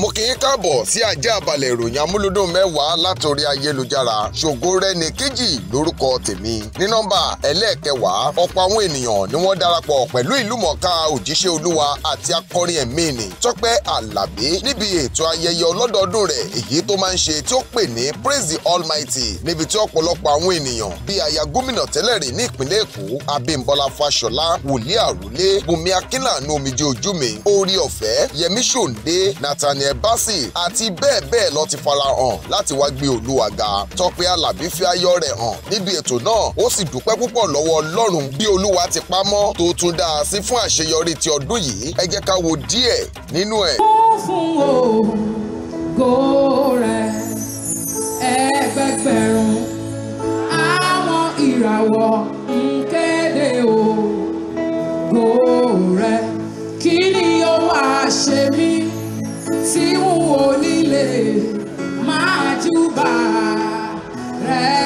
mo kì í káàbọ̀ sí ajá balẹ̀ ìròyìn amúlùdùn mẹ́wàá látòrí ayélujára ṣògo rẹni kejì lórúkọ tèmi ní nọ́mbà ẹlẹ́ẹ̀kẹwàá ọ̀pọ̀ àwọn ènìyàn ni wọ́n darapọ̀ pẹ̀lú ìlúmọ̀ọ́ká òjíṣẹ́ olúwa àti akọrin ẹ̀mí ni tọ́pẹ́ àlàbí níbi ètò ayẹyẹ ọlọ́dọọdún rẹ̀ èyí tó máa ń ṣe tí ó pè ní praise the almighty níbi tí ọ̀pọ̀lọpọ̀ àwọn ènìyàn bíi aya gómìnà tẹ́lẹ̀ rí ní ìpínlẹ̀ èkó abímbọ́lá fáṣọlá wòlíì àrùlé bùnmi akínlànà omijé ojú mi yẹmí ṣòǹdé nathaniel Bassey àti bẹ́ẹ̀ bẹ́ẹ̀ lọ ti fara hàn láti wá gbé Olúwa ga Tọ́pẹ́ Àlàbí fi ayọ̀ rẹ̀ hàn níbi ètò náà ó sì dúpẹ́ púpọ̀ lọ́wọ́ Ọlọ́run bí Olúwa ti pamọ́ tó tún dá a sí fún àṣeyọrí ti ọdún yìí ẹ jẹ́ ká wo díẹ̀ nínú ẹ̀. ó fún ògo rẹ̀ ẹgbẹgbẹ̀rún àwọn ìràwọ̀ ń kéde ògo rẹ̀ kí ni ó wàá ṣe mí tí n ò nílé máa júbà rẹ̀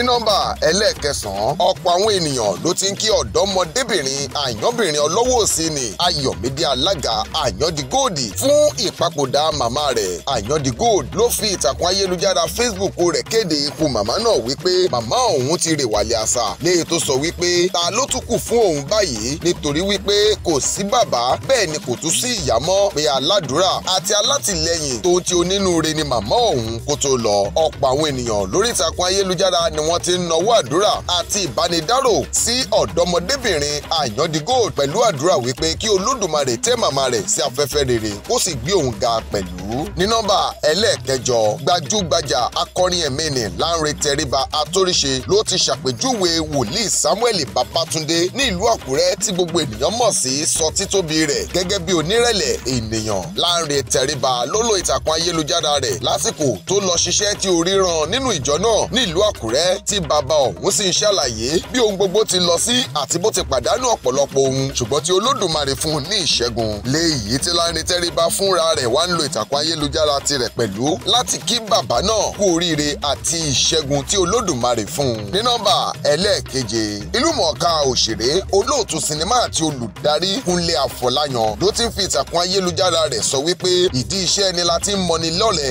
ní nọ́mbà ẹlẹ́ẹ̀kẹsàn-án ọ̀pọ̀ àwọn ènìyàn ló ti ń kí ọ̀dọ́mọdébìnrin àyànbìnrin ọlọ́wọ́ òsì ni ayọ̀mídé alága àyàndí gold fún ìpapòdà màmá rẹ̀ àyàndí gold ló fi ìtàkùn ayélujára facebook rẹ̀ kéde ikú màmá náà wípé màmá òun ti rè wàlẹ̀ àṣà ní ètò sọ wípé ta ló tún kù fún òun báyìí nítorí wípé kò sí bàbá bẹ́ẹ̀ ni kò tún sí ìyá mọ́ pé aládùúrà àti alátìlẹyìn tó ti onínúure ni màmá òun kó tó lọ ọ̀pọ̀ àwọn ènìyàn lórí ìtàkùn ayélujára ni w wọn ti ń nawọ́ àdúrà àti ìbánidárò sí ọ̀dọ́mọdébìnrin àyàndígòd pẹ̀lú àdúrà wípé kí olódùmarè tẹ́ màmá rẹ̀ sí afẹ́fẹ́ rere kó sì gbé òun ga pẹ̀lú. ní nọ́mbà ẹlẹ́ẹ̀kẹjọ gbajúgbajà akọrin ẹ̀mí ni Lánrè Tẹríba Atóríṣe ló ti ṣàpèjúwe wòlíì Samuel Babatunde ní ìlú Àkúrẹ́ tí gbogbo ènìyàn mọ̀ sí sọ títóbi rẹ̀ gẹ́gẹ́ bí onírẹ̀lẹ̀ ènìyàn Lánrè Tẹríba ló lo ìtàkùn ayélujára rẹ̀ lásìkò tó lọ ṣiṣẹ́ tí orí ràn nínú ìjọ náà ní ìlú Àkúrẹ́ tí bàbá ọ̀hún sì ń ṣàlàyé bí ohun gbogbo ti lọ sí àti bó ti pàdánù ọ̀pọ̀lọpọ̀ ohun ṣùgbọ́n tí olódùmarè fún un ní ìṣẹ́gun léyìí tí Lanre Tẹríba fúnra rẹ̀ wá ń lo ìtàkùn ayélujára tirẹ̀ pẹ̀lú láti kí bàbá náà kú oríire àti ìṣẹ́gun tí olódùmarè fún un ní nọ́mbà ẹlẹ́ẹ̀keje ìlúmọ̀ọ́ká òṣèré olóòtú sinimá àti olùdarí Kúnlé Àfọláyàn ló ti ń fi ìtàkùn ayélujára rẹ̀ sọ wípé ìdí iṣẹ́ ẹni la ti ń mọni lọ́lẹ̀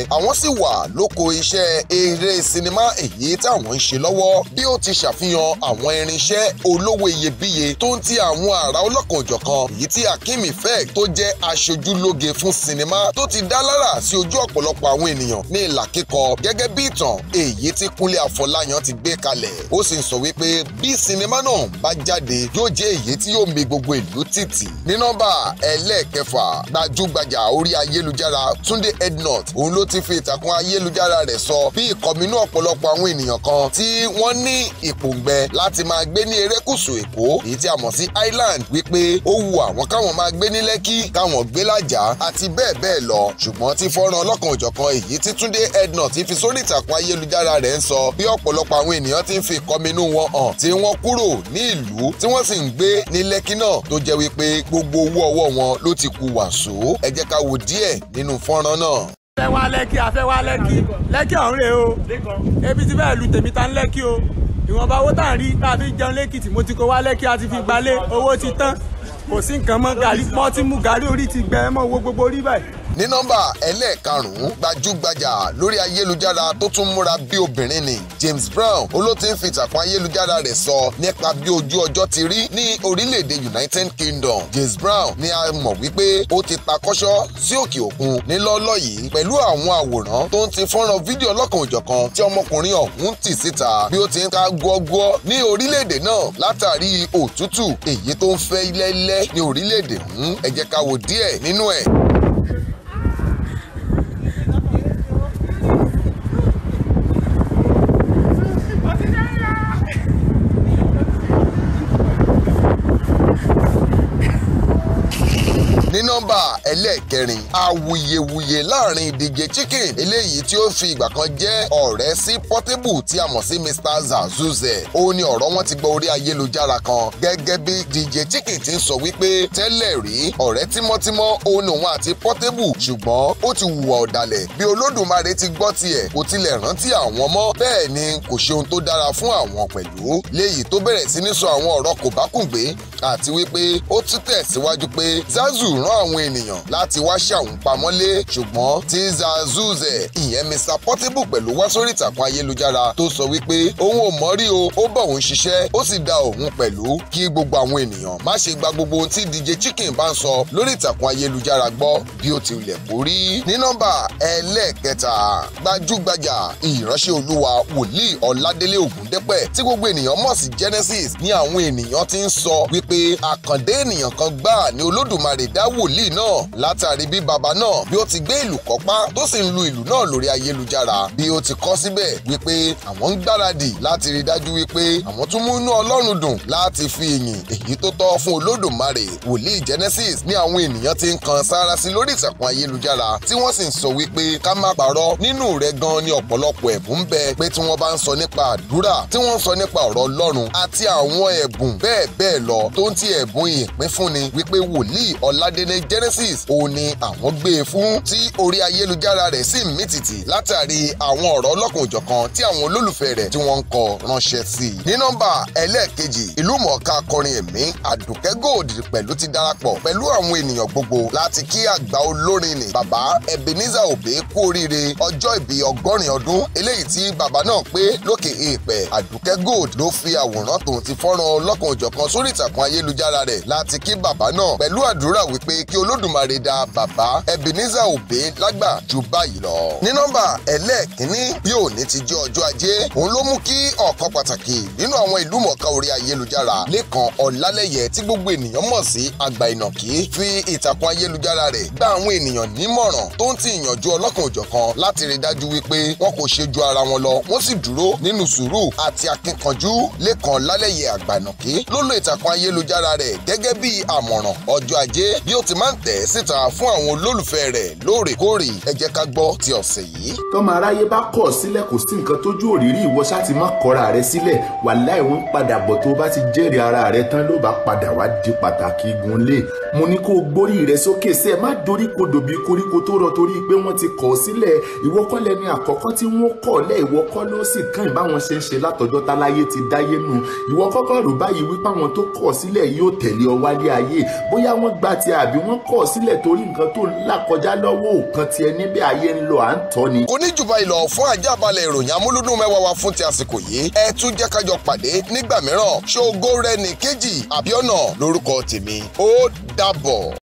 lọ́wọ́ bí ó ti ṣàfihàn àwọn irinṣẹ́ olówó iyebíye tó ń ti àwọn àrà ọlọ́kanòjọ̀kan èyí tí Akeem Effect tó jẹ́ aṣojúlóge fún sinimá tó ti dá lára sí ojú ọ̀pọ̀lọpọ̀ àwọn ènìyàn ní ìlà kíkọ gẹ́gẹ́ bí ìtàn èyí tí Kúnlé Afọláyan ti gbé kalẹ̀ ó sì ń sọ wípé bí sinimá náà bá jáde yóò jẹ́ èyí tí yóò mì gbogbo ìlú tìtì ní nọ́mbà ẹlẹ́ẹ̀kẹfà gbajúgbajà orí ayélujára Túndé Ednut òun ló ti fi ìtàkùn ayélujára rẹ̀ sọ bí ìkọminú ọ̀pọ̀lọpọ̀ àwọn ènìyàn kan tí wọ́n ní ìpòǹgbẹ láti máa gbé ní erékùṣù èkó èyí tí a mọ̀ sí island wípé ó wu àwọn káwọn máa gbé ní lẹ́kì káwọn gbé lájà àti bẹ́ẹ̀ bẹ́ẹ̀ lọ ṣùgbọ́n tí fọ́nrán ọlọ́kan òjọ̀kan èyí tí Túndé Ednut ti fi sórí ìtàkùn ayélujára rẹ̀ ń sọ bí ọ̀pọ̀lọpọ̀ àwọn ènìyàn ti ń fi ìkọminú wọn hàn tí wọ́n kúrò ní ìlú tí wọ́n sì ń gbé ní lẹ́kì náà tó jẹ́ wípé gbogbo owó ọwọ́ wọn ló ti kú wàsó ẹ jẹ́ ká wo díẹ̀ nínú fọ́nrán náà fẹ́ wá lẹ́kí afẹ́ wá lẹ́kí lẹ́kí ọ̀hún rèé o ebi ti bẹ́ẹ̀ lu tèmi ta ń lẹ́kí o ìwọ̀nba owó tá à ń rí tá a fi jẹun lẹ́kìtì mo ti kó wá lẹ́kí a ti fi gbalé owó ti tán kò sí nǹkan mọ́ gàrí pọ́n tí mú gàrí orí ti gbẹ ẹ mọ́ wo gbogbo orí báyìí. ní nọ́mbà ẹlẹ́ẹ̀karùn gbajúgbajà lórí ayélujára tó tún múra bí obìnrin ni James Brown olóòtú ń fi ìtàkùn ayélujára rẹ̀ sọ nípa bí ojú ọjọ́ ti rí ní orílẹ̀-èdè United Kingdom James Brown ni a mọ̀ wípé ó ti ta kọ́ṣọ́ sí òkè òkun nílọ́ọ́lọ́ yìí pẹ̀lú àwọn àwòrán tó ń ti fọ́nrán fídíò ọlọ́kan òjọ̀kan tí ọmọkùnrin ọ̀hún tì síta bí ó ti ń ka gbọ́gbọ́ ní orílẹ̀-èdè náà látàrí òtútù èyí tó ń fẹ́ lẹ́lẹ́ ní orílẹ̀-èdè ọ̀hún ẹ jẹ́ ká wo díẹ̀ nínú ẹ̀. ní nọ́mbà ẹlẹ́ẹ̀kẹrin awuyewuye láàrin DJ chicken eléyìí tí ó fi ìgbà kan jẹ́ ọ̀rẹ́ sí Portable tí a mọ̀ sí Mr Zazuze ó ní ọ̀rọ̀ wọn ti gba orí ayélujára kan gẹ́gẹ́ bí DJ chicken ti ń sọ wípé tẹ́lẹ̀ rí ọ̀rẹ́ tímọ́tímọ́ òun òun àti Portable ṣùgbọ́n ó ti hùwà ọ̀dàlẹ̀ bí Olódùmarè ti gbọ́ tiẹ̀ kò tilẹ̀ rántí àwọn mọ́ bẹ́ẹ̀ ni kò ṣe ohun tó dára fún àwọn pẹ̀lú léyìí tó bẹ̀rẹ̀ sí ní sọ àwọn ọ̀rọ̀ kòbákùngbé àti wípé ó tún tẹ̀síwájú pé Zazu r rán àwọn ènìyàn láti wá ṣe àwọn pamọ́lé ṣùgbọ́n tí Zazuze ìyẹn Mr Portable pẹ̀lú wá sórí ìtàkùn ayélujára tó sọ wípé òun ò mọ̀ o ó bọ̀ òun ṣiṣẹ́ ó sì da òun pẹ̀lú kí gbogbo àwọn ènìyàn má ṣe gba gbogbo ohun tí DJ Chicken bá ń sọ lórí ìtàkùn ayélujára gbọ́ bí ó ti wulẹ̀ borí ní nọ́mbà ẹlẹ́ẹ̀kẹta gbajúgbajà ìránṣẹ́ olúwa wòlíì ọládélé ògúndẹ́pẹ̀ tí gbogbo ènìyàn mọ̀ sí genesis ni àwọn ènìyàn ti ń sọ wípé àkàndé ènìyàn kan gbáà ni olódùmarè dáwò wòlíì náà látàrí bí bàbá náà bí ó ti gbé ìlú kọ́pá tó sì ń lu ìlú náà lórí ayélujára bí ó ti kọ síbẹ̀ wípé àwọn ń gbáradì láti rí dájú wípé àwọn tún mú inú Ọlọ́run dùn láti fi ìyìn èyí tó tọ́ fún Olódùmarè wòlíì Genesis ní àwọn ènìyàn ti ń kan sára sí lórí ìtàkùn ayélujára tí wọ́n sì ń sọ wípé ká má parọ́ nínú rẹ̀ gan ni ọ̀pọ̀lọpọ̀ ẹ̀bùn ń bẹ pé tí wọ́n bá ń sọ nípa àdúrà tí wọ́n ń sọ nípa ọ̀rọ̀ Ọlọ́run àti àwọn ẹ̀bùn bẹ́ẹ̀ bẹ́ẹ̀ lọ tó ń ti ẹ̀bùn ìpínfúnni wípé wòlíì Ọládé ìpele Genesis òun ni àwọn gbé e fún tí orí ayélujára rẹ̀ sì ń mìtìtì látàrí àwọn ọ̀rọ̀ ọlọ́kùn òjọ̀kan tí àwọn olólùfẹ́ rẹ̀ tí wọ́n ń kọ ránṣẹ́ sí i. ní nọ́mbà ẹlẹ́ẹ̀kejì ìlúmọ̀ọ́ká akọrin ẹ̀mí Àdùkẹ́ Gold pẹ̀lú ti darapọ̀ pẹ̀lú àwọn ènìyàn gbogbo láti kí àgbà olórin ni bàbá Ebenezer Obey kú oríire ọjọ́ ìbí ọgọ́rin ọdún eléyìí tí bàbá náà pé lókè èèpẹ̀ Àdùkẹ́ Gold ló fi àwòrán tòun ti fọ́nrán ọlọ́kùn òjọ̀kan sórí ìtàkùn ayélujára rẹ̀ láti kí bàbá náà pẹ̀lú àdúrà wípé pé kí olódùmarè dá bàbá Ebenezer Obey lágbà ju báyìí lọ. ní nọ́mbà ẹlẹ́ẹ̀kínní bí òní ti jẹ́ ọjọ́ ajé òun ló mú kí ọ̀kan pàtàkì nínú àwọn ìlú mọ̀ọ́ká orí ayélujára Lékan Ọ̀làlẹ́yẹ tí gbogbo ènìyàn mọ̀ sí àgbà ìnàkí fi ìtàkùn ayélujára rẹ̀ gba àwọn ènìyàn nímọ̀ràn tó ń ti ìyànjú ọlọ́kan òjọ̀kan láti rí dájú wípé wọn kò ṣe ju ara wọn lọ wọ́n sì dúró nínú sùúrù àti akínkanjú Lékan Ọ̀làlẹ́yẹ àgbà ìnàkí ló ìtàkùn ayélujára rẹ̀ gẹ́gẹ́ bí àmọ̀ràn ọjọ́ ajé bí ó ti máa ń tẹ̀ síta fún àwọn olólùfẹ́ rẹ̀ lóòrèkóòrè ẹ jẹ́ ká gbọ́ ti ọ̀sẹ̀ yìí. tọ́mọ aráyé bá kọ̀ sílẹ̀ kò sí nǹkan tójú òrírí ìwọ ṣá má kọ́ra rẹ sílẹ̀ wàláì wọ́n padà bọ̀ tó bá ti jẹ́rìí ara rẹ tán ló bá padà wá di pàtàkì igun lé mo ní kó o gbórí rẹ sókè sẹ́ẹ̀ má dorí kodò bíi koríko tó rọ torí pé wọ́n ti kọ̀ sílẹ̀ ìwọ kọ́ lẹni àkọ́kọ́ tí wọ́n kọ̀ lẹ́ ìwọ sì kàn ìbáwọn ṣe ń ṣe látọjọ́ táláyé ti dáyé nù ìwọ kọ́kọ́ rò báyìí wípé àwọn tó kọ̀ sílẹ̀ yóò tẹ̀lé ọ wálé ayé bóyá wọ́n gbà tí àbí tàbí wọ́n kọ̀ sílẹ̀ torí nǹkan tó ń lọ́wọ́ òkan ti ẹni ayé ń à ń tọ́ ni. kò ìlọ fún àjàbalẹ̀ ìròyìn amúlùdùn mẹ́wàá wa fún ti àsìkò yìí ẹ tún jẹ́ kájọ pàdé nígbà mìíràn ṣògo rẹ nìkejì àbíọ́nà lórúkọ tèmi ó dàbọ̀.